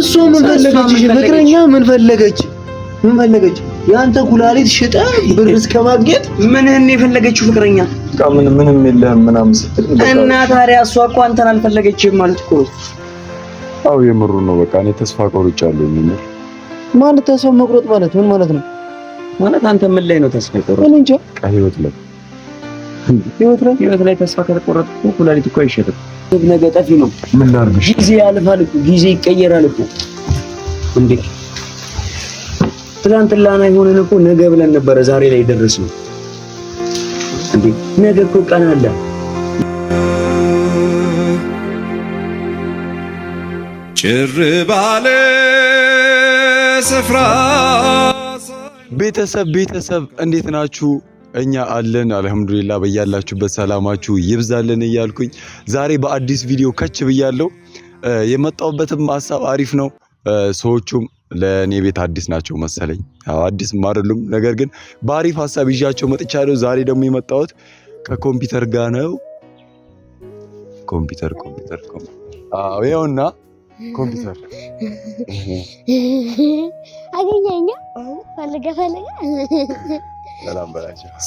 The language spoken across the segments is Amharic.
እሷ ምን ፈለገች? ፍቅረኛ ምን ፈለገች? ምን ፈለገች? የአንተ ኩላሊት ሽጠ ብር እስከማግኘት ምንህን የፈለገችው ፍቅረኛ? በቃ ምን ምንም የለህም ምናምን ስትል እና ታዲያ እሷ እኮ አንተን አልፈለገችም ማለት እኮ ነው። የምሩ ነው። በቃ እኔ ተስፋ ቆርጫለሁ። ምን ማለት ተስፋ መቁረጥ ማለት ምን ማለት ነው? ማለት አንተ ምን ላይ ነው ተስፋ የቆረጥኩት? እኔ እንጃ። በቃ ህይወት ላይ ህይወት ላይ ተስፋ ከተቆረጥኩ ኩላሊት እኮ አይሸጥም። ነገ ጠፊ ነው። ምን ላድርግሽ? ጊዜ ያልፋል እኮ ጊዜ ይቀየራል እኮ እንዴ! ትናንትና የሆነን እኮ ነገ ብለን ነበረ ዛሬ ላይ ደረስነው እንዴ! ነገ እኮ ቀን አለ። ጭር ባለ ስፍራ ቤተሰብ ቤተሰብ እንዴት ናችሁ? እኛ አለን አልሐምዱሊላ። በያላችሁበት ሰላማችሁ ይብዛልን እያልኩኝ ዛሬ በአዲስ ቪዲዮ ከች ብያለሁ። የመጣሁበትም ሀሳብ አሪፍ ነው። ሰዎቹም ለእኔ ቤት አዲስ ናቸው መሰለኝ፣ አዲስ አይደሉም። ነገር ግን በአሪፍ ሀሳብ ይዣቸው መጥቻለሁ። ዛሬ ደግሞ የመጣሁት ከኮምፒውተር ጋር ነው። ኮምፒውተር ኮምፒውተር ይኸውና ኮምፒውተር አገኘኛ ፈልገ ፈልገ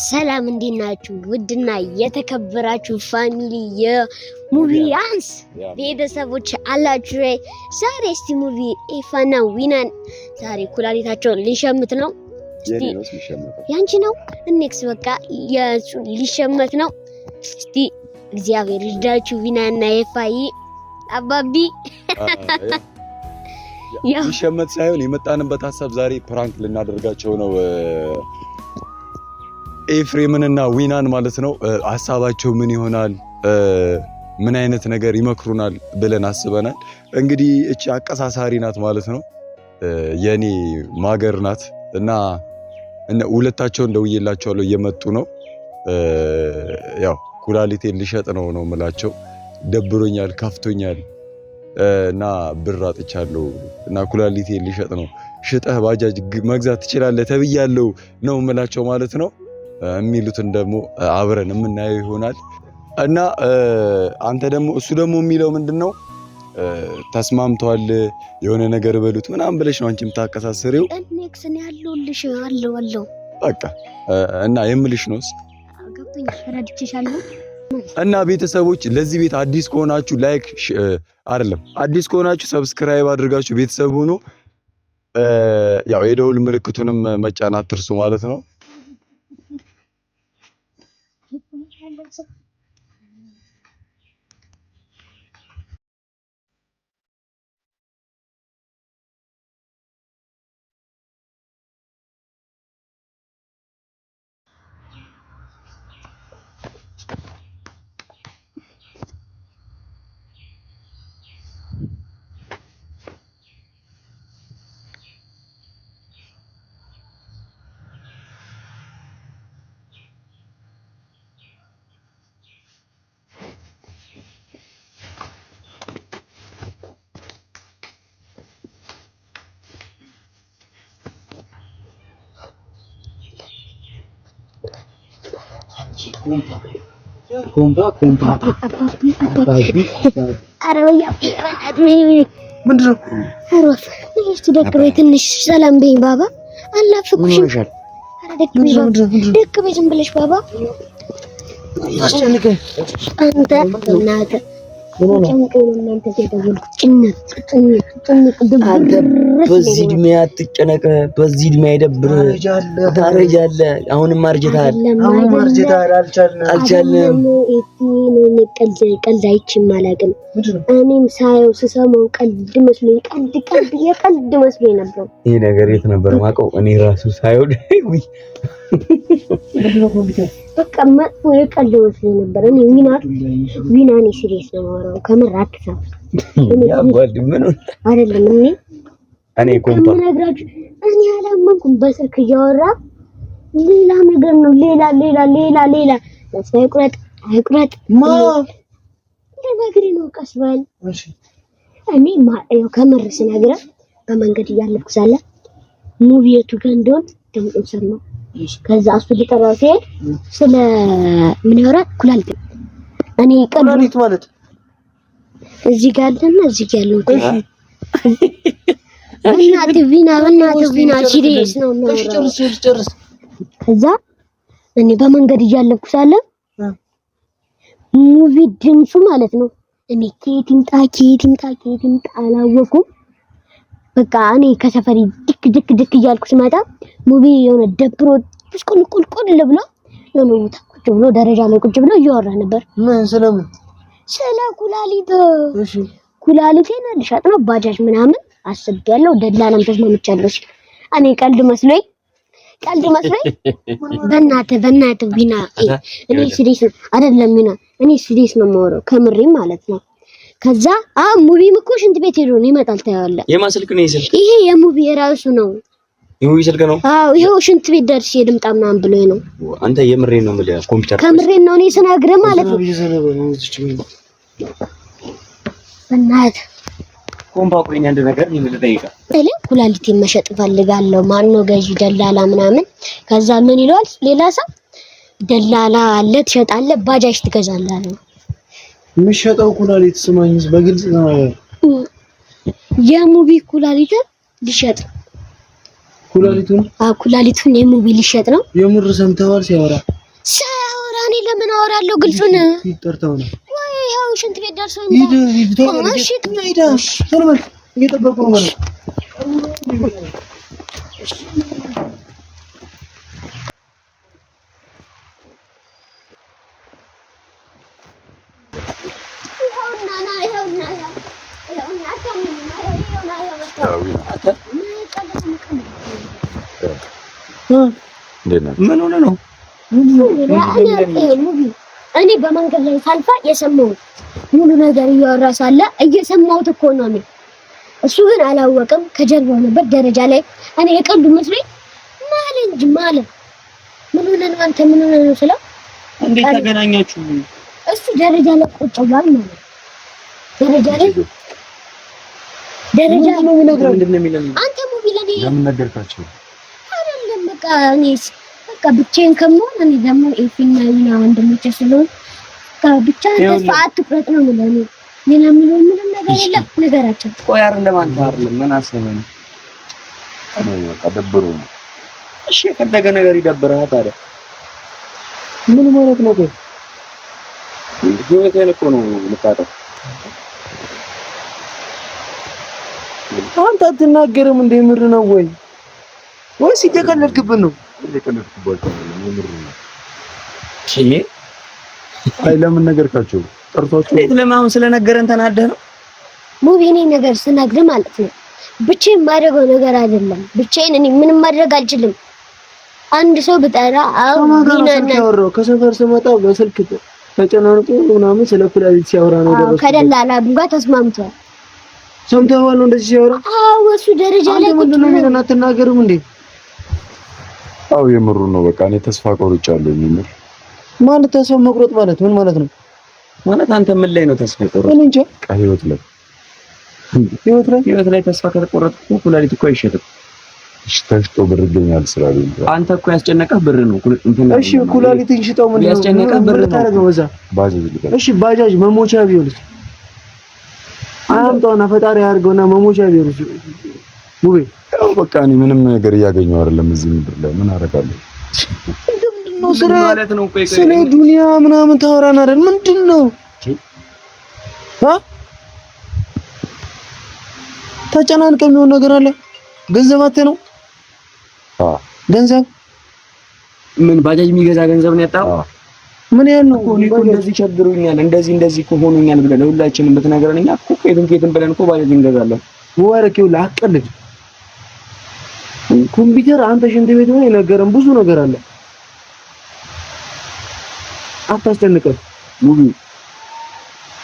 ሰላም እንዴት ናችሁ? ውድና የተከበራችሁ ፋሚሊ አንስ ቤተሰቦች አላችሁ? ዛሬ እስቲ ሙቪ ኤፋና ዊናን ዛሬ ኩላሊታቸውን ሊሸምት ነው። ያንቺ ነው እኔክስ በቃ ሊሸመት ነው። እስቲ እግዚአብሔር ይርዳችሁ ዊናና ኤፋይ አባቢ ሊሸመት ሳይሆን የመጣንበት ሀሳብ ዛሬ ፕራንክ ልናደርጋቸው ነው ኤፍሬምንና ዊናን ማለት ነው። ሀሳባቸው ምን ይሆናል፣ ምን አይነት ነገር ይመክሩናል ብለን አስበናል። እንግዲህ እቺ አቀሳሳሪ ናት ማለት ነው፣ የኔ ማገር ናት እና ሁለታቸውን ደውዬላቸዋለሁ እየመጡ ነው። ያው ኩላሊቴን ልሸጥ ነው ነው ምላቸው ደብሮኛል፣ ከፍቶኛል እና ብር አጥቻለሁ እና ኩላሊቴን ልሸጥ ነው። ሽጠህ ባጃጅ መግዛት ትችላለህ ተብያለሁ ነው ምላቸው ማለት ነው። የሚሉትን ደግሞ አብረን የምናየው ይሆናል እና አንተ ደግሞ እሱ ደግሞ የሚለው ምንድን ነው ተስማምተዋል የሆነ ነገር በሉት ምናምን ብለሽ ነው አንቺ የምታቀሳስሪው። ኔክስን ያለውልሽ አለው አለው በቃ እና የምልሽ ነውስ እና ቤተሰቦች ለዚህ ቤት አዲስ ከሆናችሁ ላይክ አይደለም አዲስ ከሆናችሁ ሰብስክራይብ አድርጋችሁ ቤተሰብ ሆኖ ያው የደውል ምልክቱንም መጫን አትርሱ ማለት ነው። that's out ደቅበይ ትንሽ ሰላም በይኝ ባባ። አላፈኩሽም። ደቅበይ ዝም ብለሽ ባባ አንተ በዚህ እድሜ አትጨነቅ። በዚህ እድሜ አይደብርህ። ታረጃለህ። አሁንም አርጅተሃል። አልቻልንም። ቀልድ አይቼም አላውቅም። እኔም ሳየው ስሰማው ቀልድ መስሎኝ ቀልድ ቀልድ የቀልድ መስሎኝ ነበር። ይሄ ነገር የት ነበር ማውቀው? እኔ ራሱ ሳየው በቃ መጥፎ መስሎኝ እኔ ዊና ዊና እኔ ሲሪየስ ነው የማወራው። ከምር አይደለም። እኔ እኔ እኔ አላመንኩም። በስልክ እያወራ ሌላ ነገር ነው። ሌላ ሌላ ሌላ ሌላ ተስፋ ይቁረጥ አይቁረጥ ማ ነገር ነው እኔ ከምር በመንገድ እያለፍኩ ሳለ ሙቪየቱ ጋር እንደሆን ደምጦ ሰማሁ ከዛ እሱ ሊጠራው ሲሄድ ስለ ምን ያወራል? ኩላሊት እኔ ኩላሊት ማለት እዚህ ጋር አለና እዚህ ጋር ያለው እሺ እናት ቪና በእናትህ ቪና ሲሪየስ ነው እና ጨርስ ጨርስ። ከዛ እኔ በመንገድ እያለፍኩ ሳለ ሙቪ ድምፁ ማለት ነው እኔ ኬት ይምጣ ኬት ይምጣ ይምጣ አላወኩም። በቃ እኔ ከሰፈሪ ድክ ድክ ድክ እያልኩ ስመጣ ሙቢ የሆነ ደብሮ ቁል ቁልቁል ቁል ብሎ የሆነ ቦታ ቁጭ ብሎ ደረጃ ላይ ቁጭ ብሎ እያወራ ነበር። ምን ስለምን? ስለ ኩላሊት። እሺ ኩላሊቴን ልሸጥ ነው ባጃጅ ምናምን አስቤያለሁ፣ ደላላም ተስማምቻለሁ ሲል እኔ ቀልድ መስሎኝ ቀልድ መስሎኝ በእናትህ በእናትህ ቢና እኔ ሲሪየስ አይደለም ቢና እኔ ሲሪየስ ነው የማወራው ከምሬም ማለት ነው ከዛ አ ሙቢም እኮ ሽንት ቤት ሄዶ ነው ይመጣል። ታያለ የማን ስልክ ነው ይሄ ይሄ የሙቢ የራሱ ነው። የሙቢ ስልክ ነው። አዎ ይሄው ሽንት ቤት ደርሼ ልምጣ ምናምን ብሎኝ ነው። አንተ የምሬን ነው የምልህ። ኮምፒውተር ከምሬን ነው እኔ ስነግርህ ማለት ነው። እናት በእናትህ ኮምፓኩሪን አንድ ነገር ምን ልጠይቅህ? ኩላሊት መሸጥ ፈልጋለሁ። ማን ነው ገዢ? ደላላ ምናምን። ከዛ ምን ይለዋል ሌላ ሰው ደላላ አለ ትሸጣለህ፣ ባጃጅ ትገዛለህ። የሚሸጠው ኩላሊት ስማኝ፣ በግልጽ ተናገር። የሙቢ ኩላሊት ሊሸጥ ኩላሊቱን አዎ፣ ኩላሊቱን የሙቢ ሊሸጥ ነው። የምር ሰምተዋል ሲያወራ ሲያወራ። እኔ ለምን አወራለሁ? ግልጹን ይጠርተው ነው ሽንት ቤት ደርሰው ይሄድ ይሄድ ይሄድ ቶሎ በል፣ እየጠበቁ ነው አካባቢ ነው። ምን ሆነ ነው? እኔ በመንገድ ላይ ሳልፋ የሰማሁት ሙሉ ነገር እያወራ ሳለ እየሰማሁት እኮ ነው እኔ። እሱ ግን አላወቅም፣ ከጀርባው ነበር ደረጃ ላይ። እኔ የቀልዱ መስሎኝ ማለ እንጂ ማለ። ምን ሆነ ነው አንተ? ምን ሆነ ነው ስለው፣ እንዴት ተገናኛችሁ? እሱ ደረጃ ላይ ቁጭ ብሏል ማለት ደረጃ ላይ ደረጃ ነው የሚነግረው። አንተ ሙቪ ለኔ ለምን ነገርካቸው? አይደለም በቃ እኔ በቃ ብቻዬን ከመሆን እኔ ደግሞ ኤፍና ይና ወንድሞቼ ስለሆን ብቻ ተስፋ አትቁረጥ ነው ለኔ ሌላ ምንም ምንም ነገር የለም። ነገራቸው ቆይ አይደለም አንተ አይደለም ምን አሰበኝ በቃ ደብሩ ነው። እሺ የፈለገ ነገር ይደብርሃል ታዲያ ምን ማለት ነው? ግን ህይወቴን እኮ ነው ልታጠፋ አንተ አትናገርም እንደ ምር ነው ወይ ወይስ እየቀለድክብን ነው? አይ ለምን ነገርካቸው? ጠርቷቸው እንዴት? ለምን አሁን ስለነገረን ተናደህ ነው? ሙቢ እኔ ነገር ስነግርህ ማለት ነው ብቻዬን የማደርገው ነገር አይደለም። ብቻዬን እኔ ምንም ማድረግ አልችልም። አንድ ሰው ብጠራ አሁን ከሰው ጋር ስመጣ በስልክ ተጨናንቆ ምናምን ስለ ኩላሊት ሲያወራ ነው ደረሰው። ከደላላ ጋር ተስማምቷል። ሰምተኸዋል ነው እንደዚህ ሲያወራ? አዎ እሱ ደረጃ ላይ ቁጭ ነው ምንም አትናገርም እንዴ? አዎ የምሩ ነው። በቃ እኔ ተስፋ ቆርጫለሁ። የምር ማለት ተስፋ መቁረጥ ማለት ምን ማለት ነው? ማለት አንተ ምን ላይ ነው ተስፋ የቆረጥኩት? ምን እንጃ። በቃ ህይወት ላይ ህይወት ላይ ህይወት ላይ ተስፋ ከተቆረጥኩ ኩላሊት እኮ አይሸጥም። ተሽጦ ብር ይገኛል ስላለ አንተ እኮ ያስጨነቀህ ብር ነው። እሺ ኩላሊትን ሽጠው ምን ያስጨነቀህ ብር ነው። ባጃጅ እሺ ባጃጅ መሞቻ ቢሆንስ አምጣውና ፈጣሪ ያድርገውና መሞቻ ቢሩስ ሙቤ ያው በቃ እኔ ምንም ነገር እያገኘው አይደለም እዚህ ምድር ላይ ምን አደርጋለሁ? ስለ ዱንያ ምናምን ታወራን አይደል? ምንድነው አ ተጨናንቀ የሚሆን ነገር አለ። ገንዘብ አጥተህ ነው ገንዘብ ምን ባጃጅ የሚገዛ ገንዘብ ነው ያጣው ምን ያህል ነው ኮኒ እኮ እንደዚህ ቸግሩኛል፣ እንደዚህ እንደዚህ እኮ ሆኖኛል ብለን ሁላችንም ብትነግረን እኛ እኮ ከየትም ከየትም ብለን እኮ ባጃጅ እንገዛለን። ወርቄው ላቀልድ ኮምፒውተር አንተ ሽንት ቤት ነው የነገረን ብዙ ነገር አለ። አታስጨንቀን ሙቢ።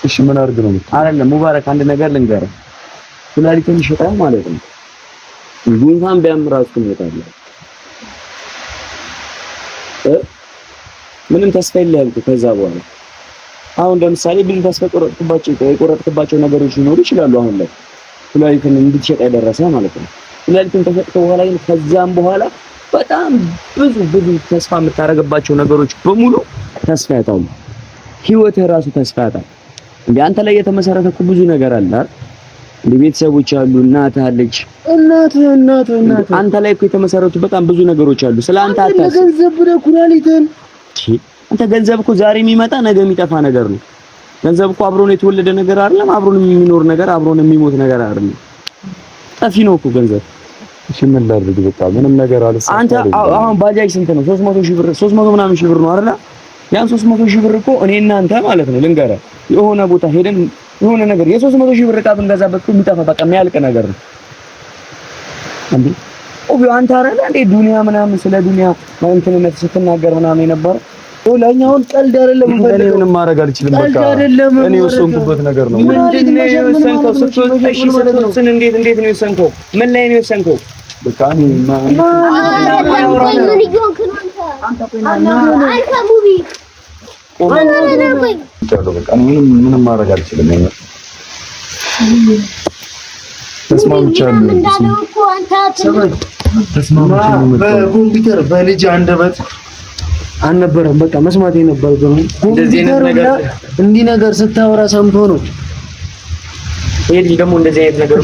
እሺ ምን አድርግ ነው የምትለው? አይደለም ሙባረክ፣ አንድ ነገር ልንገርህ፣ ኩላሊትን ይሸጣል ማለት ነው። ጉንፋን ቢያም ራሱ ትመጣለህ ምንም ተስፋ የለህም እኮ ከዛ በኋላ አሁን ለምሳሌ ብዙ ተስፋ የቆረጥክባቸው የቆረጥክባቸው ነገሮች ሊኖሩ ይችላሉ። አሁን ላይ ኩላሊትን እንድትሸጥ ያደረሰ ማለት ነው። ኩላሊትን ከሸጥክ በኋላ ግን ከዛም በኋላ በጣም ብዙ ብዙ ተስፋ የምታደርግባቸው ነገሮች በሙሉ ተስፋ ያጣሉ። ህይወት ራሱ ተስፋ ያጣል። እንደ አንተ ላይ የተመሰረተ እኮ ብዙ ነገር አለ አይደል? እንደ ቤተሰቦች አሉ፣ እናት አለች፣ እናት እናት እናት አንተ ላይ እኮ የተመሰረቱ በጣም ብዙ ነገሮች አሉ። ስለ አንተ አታስብ። ገንዘብ ብለህ ኩላሊትን አንተ ገንዘብ እኮ ዛሬ የሚመጣ ነገ የሚጠፋ ነገር ነው። ገንዘብ እኮ አብሮን የተወለደ ነገር አይደለም። አብሮን የሚኖር ነገር፣ አብሮን የሚሞት ነገር አይደለም። ጠፊ ነው እኮ ገንዘብ። እሺ ምን ላድርግ? በቃ ምንም ነገር አልሰ አንተ አሁን ባጃጅ ስንት ነው? 300 ሺህ ብር 300 ምናምን ሺህ ብር ነው አይደል? ያን 300 ሺህ ብር እኮ እኔ እናንተ ማለት ነው ልንገረ የሆነ ቦታ ሄደን የሆነ ነገር የ300 ሺህ ብር ዕቃ ብንገዛበት እኮ የሚጠፋ በቃ የሚያልቅ ነገር ነው። አንዴ ኦብዮ አንተ አይደል እንዴ ዱንያ ምናምን ስለ ዱንያ ማንተነት ስትናገር ምናምን የነበረው ለእኛ ቀልድ አይደለም። እኔ ምንም ማድረግ አልችልም። በቃ እኔ የወሰንኩበት ነገር ነው። እንዴት እንዴት ነው የሰንከው ምን ላይ ነው የወሰንከው? በቃ እኔ ምንም ማድረግ አልችልም። ተስማምቻለሁ። ተስማምቻለሁ በኮምፒውተር በልጅ አንደበት አልነበረም። በቃ መስማት የነበረብን እንዲህ ነገር ስታወራ ሰምቶ ነው። ይሄ ልጅ እንደዚህ አይነት ነገር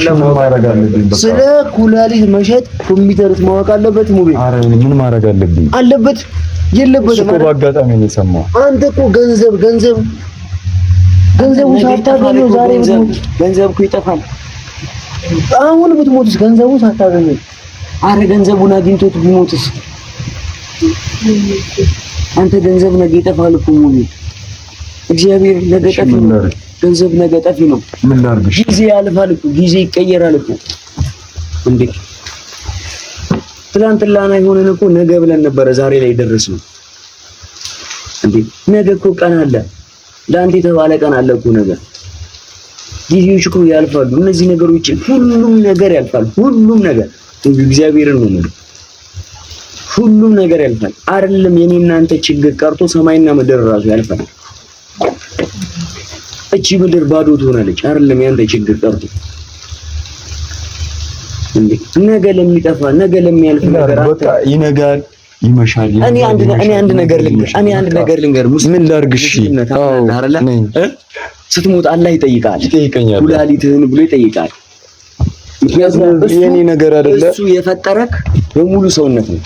ስለ ኩላሊት መሸጥ ኮምፒውተር ማወቅ አለበት። ሙቤ ምን ማድረግ አለብኝ? አለበት የለበት እኮ በአጋጣሚ ነው የሰማው። አንተ እኮ ገንዘብ ገንዘብ ገንዘቡ ሳታገኘው ዛሬ ገንዘብ እኮ ይጠፋል። አሁን ብትሞትስ? ገንዘቡ ሳታገኘው፣ አረ ገንዘቡን አግኝቶት ቢሞትስ? አንተ ገንዘብ ነገ ይጠፋል እኮ ሙሉ እግዚአብሔር ነገ ጠፊ ነው። ገንዘብ ነገ ጠፊ ነው። ምን ላድርግ? ጊዜ ያልፋል እኮ ጊዜ ይቀየራል እኮ እንዴ! ትላንት ትላንትናና የሆነን እኮ ነገ ብለን ነበረ ዛሬ ላይ ነው እንዴ! ነገ እኮ ቀን አለ፣ ለአንተ የተባለ ቀን አለ እኮ ነገ። ጊዜዎች እኮ ያልፋሉ። እነዚህ ነገሮች ሁሉም ነገር ያልፋል። ሁሉም ነገር እግዚአብሔርን ነው ሁሉም ነገር ያልፋል። አይደለም የኔ እናንተ ችግር ቀርቶ ሰማይና ምድር ራሱ ያልፋል። እቺ ምድር ባዶ ትሆናለች። አይደለም ያንተ ችግር ቀርቶ ነገ ለሚጠፋ ነገ ለሚያልፍ ነገር ይነጋል፣ ይመሻል። እኔ አንድ እኔ አንድ ነገር ልንገር እኔ አንድ ነገር ልንገር ምን ላድርግሽ? ስትሞት አላህ ይጠይቃል፣ ይጠይቀኛል፣ ኩላሊትህን ብሎ ይጠይቃል። ምክንያቱም የኔ ነገር አይደለ እሱ የፈጠረክ በሙሉ ሰውነት ነው።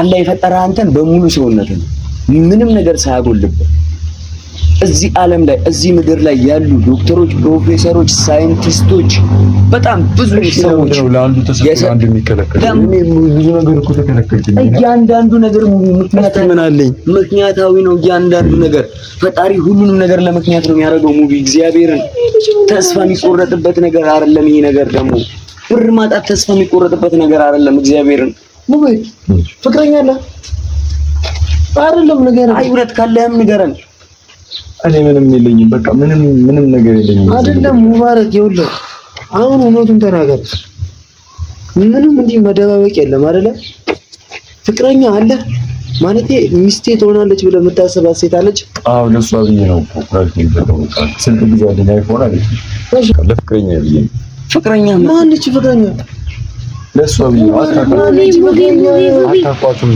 አላህ የፈጠረ አንተን በሙሉ ሰውነት ነው፣ ምንም ነገር ሳያጎልበት እዚህ ዓለም ላይ እዚህ ምድር ላይ ያሉ ዶክተሮች፣ ፕሮፌሰሮች፣ ሳይንቲስቶች በጣም ብዙ ሰዎች እያንዳንዱ ነገር ምክንያታዊ ነው። እያንዳንዱ ነገር ፈጣሪ ሁሉንም ነገር ለምክንያት ነው የሚያደርገው። ሙቪ እግዚአብሔርን ተስፋ የሚቆረጥበት ነገር አይደለም። ይሄ ነገር ደግሞ ብር ማጣት ተስፋ የሚቆረጥበት ነገር አይደለም። እግዚአብሔርን ፍቅረኛ አለ አይደለም? አይ ካለህም ንገረን። እኔ ምንም የለኝም፣ በቃ ምንም ምንም ነገር የለኝም። አይደለም ሙባረክ፣ ይኸውልህ አሁን እውነቱን ተናገር። ምንም እንዲህ መደባበቅ የለም አይደለ? ፍቅረኛ አለ ሚስቴ ትሆናለች ብለህ የምታስባት ሴት አለች? አዎ፣ ብዬ ነው ፍቅረኛ ብዬ ፍቅረኛ ማነች? ፍቅረኛ ለእሷ ብዬሽ ነው። አታውቋትም።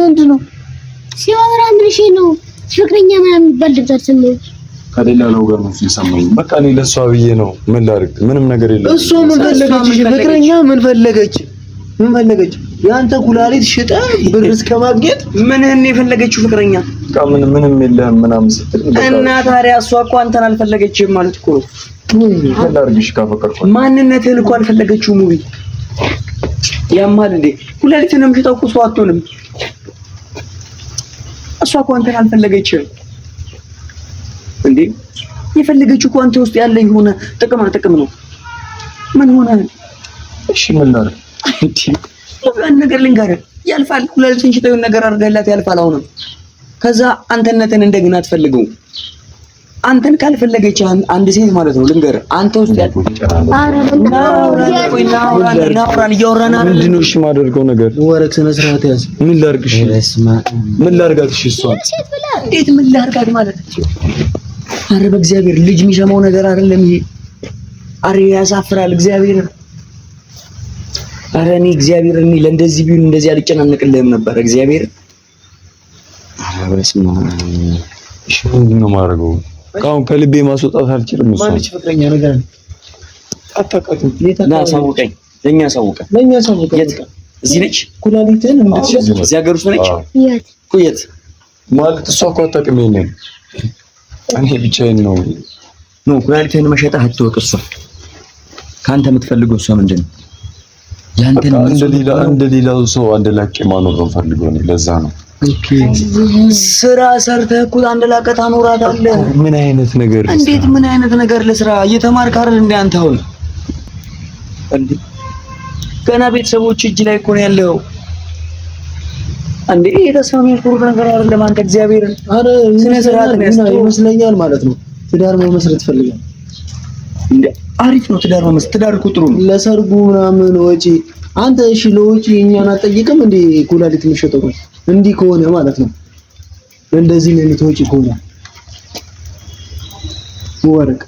ምንድን ነው ሲወራ ምንሽ ነው ፍቅረኛ ምናምን የሚባል ድምፅ ከሌላ ነገር ነው የሰማኝ። በቃ እኔ ለእሷ ብዬ ነው። ምን ላድርግ? ምንም ነገር የለም። እሷ ምን ፈለገች? ፍቅረኛ ምን ፈለገች? ምን ፈለገች? የአንተ ኩላሊት ሽጠ ብር እስከ ማግኘት ምንህን የፈለገችው ፍቅረኛ? በቃ ምን ምንም የለህም ምናምን ስትል እና ታዲያ እሷ እኮ አንተን አልፈለገችም ማለት እኮ ነው ማንነትህን እኮ አልፈለገችው። ሙቢ ያማል እንዴ? ሁለሊቱን ነው የምትተው እኮ ሰው አትሆንም። እሷ እኮ አንተን አልፈለገችህም እንዴ? የፈለገችው እኮ አንተ ውስጥ ያለ የሆነ ጥቅማ ጥቅም ነው። ምን ሆነ እሺ ምን ላድርግ? አንድ ነገር ልንገርህ፣ ያልፋል። ሁለሊቱን ሽታዩን ነገር አድርገህላት ያልፋል። አሁንም ከዛ አንተነትን እንደገና አትፈልገውም። አንተን ካልፈለገች አንድ ሴት ማለት ነው። ልንገር፣ አንተ ውስጥ ያለው እሺ፣ የማደርገው ነገር ወረቅ ስነ ስርዓት ያዝ። ምን ላድርግሽ? ምን ላድርጋት? እሺ፣ እሷ እንዴት ምን ላድርጋት ማለት ነው? አረ፣ በእግዚአብሔር ልጅ የሚሰማው ነገር አይደለም ይሄ። አረ ያሳፍራል። እግዚአብሔር አረ እኔ እግዚአብሔር እኔ ለእንደዚህ ቢሆን እንደዚህ አልጨናነቅልህም ነበር። እግዚአብሔር አረ በስመ አብ እሺ፣ ነው የማደርገው? አሁን ከልቤ ማስወጣት አልችልም። ማንች ፍቅረኛ ነገር አታውቃትም። ሳውቀኝ፣ ለእኛ ሳውቀኝ፣ ለእኛ ሳውቀኝ። የት እዚህ ነች? ኩላሊትን እንድትሸጥ እዚህ ሀገር ውስጥ ነች። የት ማለት እሷ እኮ አታውቅም። ይሄንን እኔ ብቻዬን ነው ነው ኩላሊትህን መሸጠህ አትወቅ። እሷ ከአንተ የምትፈልገው እሷ ምንድን ነው? ያንተን እንደ ሌላው ሰው አንደላቄ ማኖር ነው የምፈልገው። ለዛ ነው ስራ ሰርተህ እኩል አንድ ላቀ ታኖራታለህ። ምን አይነት ነገር እንዴት? ምን አይነት ነገር ለስራ እየተማርክ አይደል? እንደ አንተ አሁን ገና ቤተሰቦች እጅ ላይ እኮ ነው ያለው። እንዴ የተሰሚ ኩሩ ነገር አይደለም። አንተ እግዚአብሔር አረ ስነ ስርዓት ይመስለኛል ማለት ነው። ትዳር መመስረት ፈልጋለሁ። እንዴ አሪፍ ነው ትዳር መመስረት። ትዳር እኮ ጥሩ ነው። ለሰርጉ ምናምን ወጪ አንተ እሺ፣ ለወጪ እኛን አጠይቅም እንዴ ኩላሊት የሚሸጠው እንዲህ ከሆነ ማለት ነው። እንደዚህ ነው የምትወጪ ከሆነ ወርቅ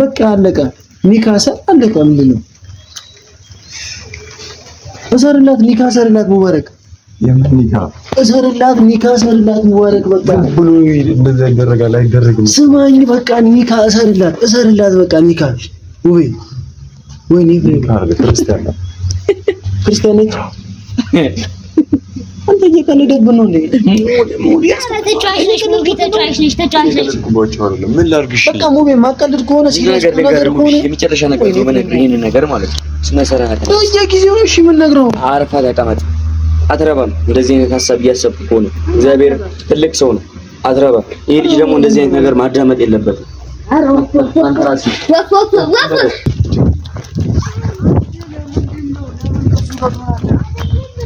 በቃ አለቀ። ኒካሰ አለቀ። ምንድን ነው እሰርላት፣ ሚካሰርላት እሰርላት፣ ሙባረክ የምን ኒካ እሰርላት፣ ኒካ እሰርላት፣ ሙባረክ በቃ ብሎ እንደዚህ ይደረጋል አይደረግም። ስማኝ በቃ ኒካ እሰርላት፣ እሰርላት፣ በቃ ኒካ ውቤ፣ ወይኔ ክርስቲያን ነች። አንተ እየቀለደብን ነው እንዴ? ምን ላድርግሽ? በቃ ሙቤ ማቀልድ ከሆነ የመጨረሻ ነገር ነው የምነግርህ። ይሄንን ነገር ማለት ነው በየጊዜው እሺ። ምን ነግረው አርፋ ተቀመጥ። አትረባም። እንደዚህ አይነት ሀሳብ እያሰብክ ከሆነ እግዚአብሔር ትልቅ ሰው ነው። አትረባም። ይሄ ልጅ ደግሞ እንደዚህ አይነት ነገር ማዳመጥ የለበትም።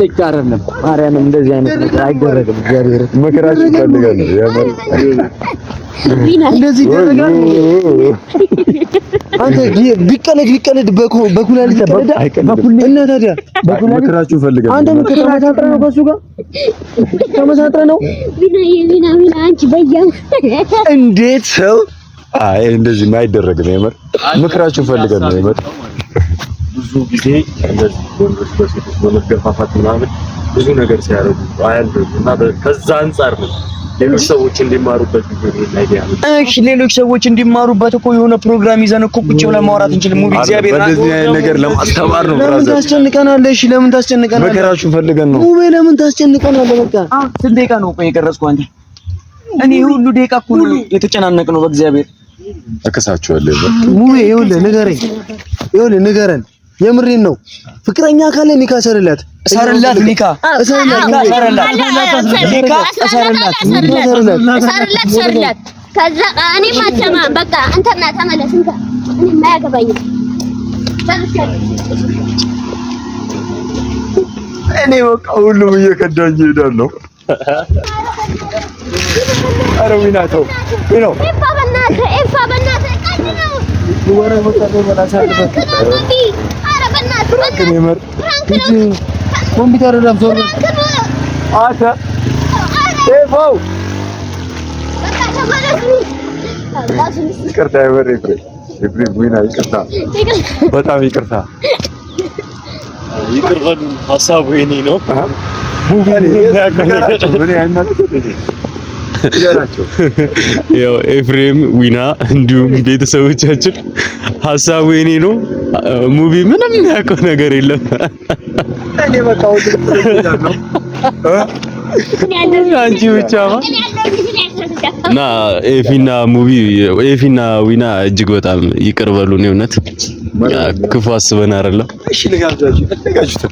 አይቃረንም። ማርያምን እንደዚህ አይነት አይደረግም። እግዚአብሔር ምክራችሁ እንደዚህ አንተ ቢቀለድ በኩላል እና ታዲያ በኩላል አንተ ነው ጋር ነው። እንዴት ሰው አይ እንደዚህ አይደረግም። የምር ምክራችሁ ፈልገን ነው። የምር ብዙ ጊዜ እንደዚህ ወንዶች በሴቶች በመገፋፋት ምናምን ብዙ ነገር ሲያደርጉ አያለሁ እና ከዛ አንጻር ነው ሌሎች ሰዎች እንዲማሩበት እሺ፣ ሌሎች ሰዎች እንዲማሩበት እኮ የሆነ ፕሮግራም ይዘን እኮ ቁጭ ብለን ማውራት እንችልም። ሙቪ እግዚአብሔር ለምን ታስጨንቀናለህ? እሺ፣ ለምን ፈልገን ነው። ሙቪ ለምን ታስጨንቀናለህ? በቃ ስንት ደቂቃ ነው የቀረጽኩ አንተ? እኔ ሁሉ ደቂቃ እኮ ነው በእግዚአብሔር እከሳቸዋለሁ። ሙቤ ይኸውልህ ንገረኝ፣ ይኸውልህ ንገረን፣ የምሬን ነው። ፍቅረኛ ካለ ኒካ ሰርላት፣ ሰርላት፣ ኒካ ሰርላት። ከዛ እኔ ማተማ በቃ ተመለስ፣ እንካ እኔ ማያገባኝ እኔ በቃ ሁሉም እየከዳኝ ዊና ተው ነው ኤፋ በእናትህ ቀልድ ነው። ኮምፒውተር ዞር አንተ ኤፋው ይቅርታ የምር ኤፍሬም ኤፍሬም ቡና ይቅርታ፣ በጣም ይቅርታ። ይቅር ሀሳቡ የእኔ ነው። ያው ኤፍሬም ዊና እንዲሁም ቤተሰቦቻችን ሀሳቡ የኔ ነው። ሙቪ ምንም ያውቀው ነገር የለም። አንቺ ብቻ እና ኤፊና ሙቪ ኤፊና ዊና እጅግ በጣም ይቅር በሉን። የእውነት ክፉ አስበን አይደለም። እሺ ልጋብዛችሁ